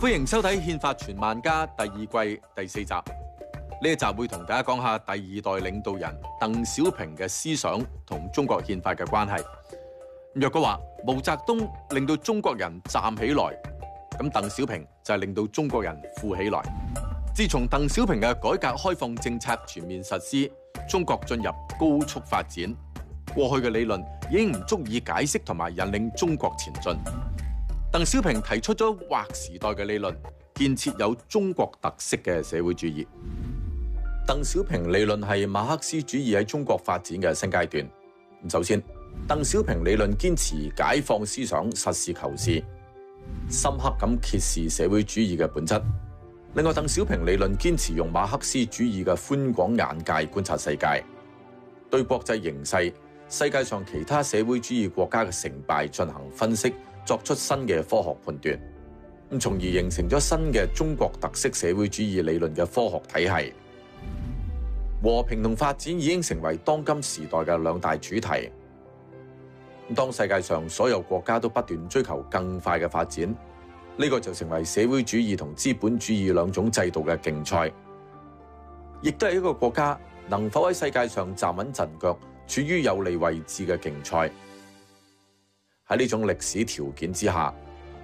歡迎收睇《憲法傳萬家》第二季第四集。呢一集會同大家講下第二代領導人鄧小平嘅思想同中國憲法嘅關係。若果話毛澤東令到中國人站起來，咁鄧小平就係令到中國人富起來。自從鄧小平嘅改革開放政策全面實施，中國進入高速發展。過去嘅理論已經唔足以解釋同埋引領中國前進。鄧小平提出咗劃時代嘅理論，建設有中國特色嘅社會主義。鄧小平理論係馬克思主義喺中國發展嘅新階段。首先，鄧小平理論堅持解放思想、實事求是，深刻咁揭示社會主義嘅本質。另外，鄧小平理論堅持用馬克思主義嘅寬廣眼界觀察世界，對國際形勢、世界上其他社會主義國家嘅成敗進行分析。作出新嘅科學判斷，咁從而形成咗新嘅中國特色社會主義理論嘅科學體系。和平同發展已經成為當今時代嘅兩大主題。當世界上所有國家都不斷追求更快嘅發展，呢個就成為社會主義同資本主義兩種制度嘅競賽，亦都係一個國家能否喺世界上站穩陣腳、處於有利位置嘅競賽。喺呢種歷史條件之下，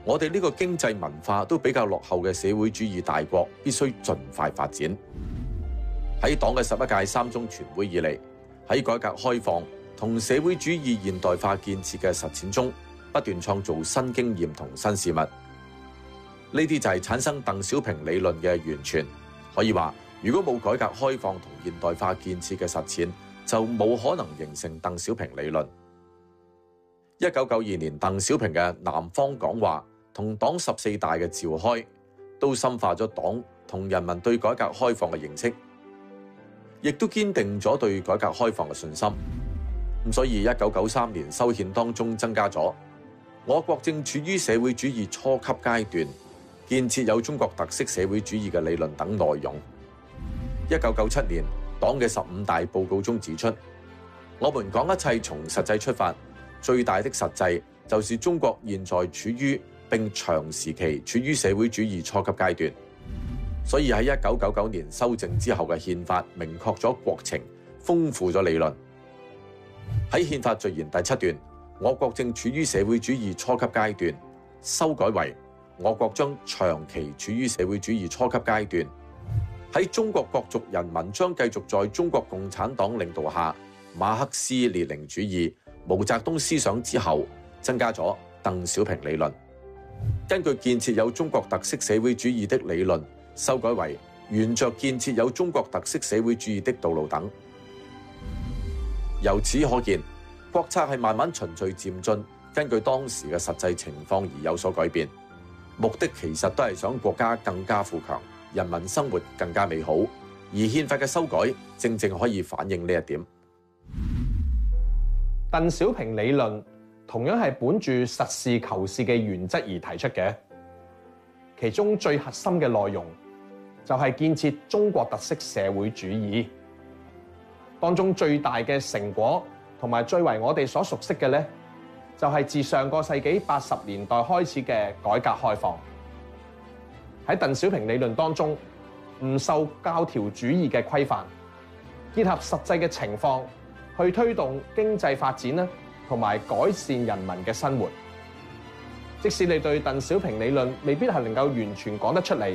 我哋呢個經濟文化都比較落後嘅社會主義大國，必須盡快發展。喺黨嘅十一屆三中全會以嚟，喺改革開放同社會主義現代化建設嘅實踐中，不斷創造新經驗同新事物。呢啲就係產生鄧小平理論嘅源泉。可以話，如果冇改革開放同現代化建設嘅實踐，就冇可能形成鄧小平理論。一九九二年鄧小平嘅南方講話同黨十四大嘅召開，都深化咗黨同人民對改革開放嘅認識，亦都堅定咗對改革開放嘅信心。咁所以一九九三年修憲當中增加咗我國正處於社會主義初級階段，建設有中國特色社會主義嘅理論等內容。一九九七年黨嘅十五大報告中指出，我們講一切從實際出發。最大的實際就是中國現在處於並長時期處於社會主義初級階段，所以喺一九九九年修正之後嘅憲法，明確咗國情，豐富咗理論。喺憲法序言第七段，我國正處於社會主義初級階段，修改為我國將長期處於社會主義初級階段。喺中國各族人民將繼續在中國共產黨領導下，馬克思列寧主義。毛澤東思想之後，增加咗鄧小平理論。根據建設有中國特色社會主義的理論修改為沿着建設有中國特色社會主義的道路等。由此可見，國策係慢慢循序漸進，根據當時嘅實際情況而有所改變，目的其實都係想國家更加富強，人民生活更加美好。而憲法嘅修改，正正可以反映呢一點。鄧小平理論同樣係本住實事求是嘅原則而提出嘅，其中最核心嘅內容就係建設中國特色社會主義。當中最大嘅成果同埋最為我哋所熟悉嘅，呢，就係自上個世紀八十年代開始嘅改革開放。喺鄧小平理論當中，唔受教條主義嘅規範，結合實際嘅情況，去推動經濟發展啦，同埋改善人民嘅生活。即使你對鄧小平理論未必係能夠完全講得出嚟，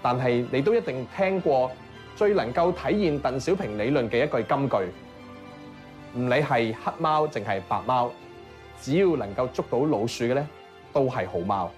但係你都一定聽過最能夠體現鄧小平理論嘅一句金句。唔理係黑貓定係白貓，只要能夠捉到老鼠嘅咧，都係好貓。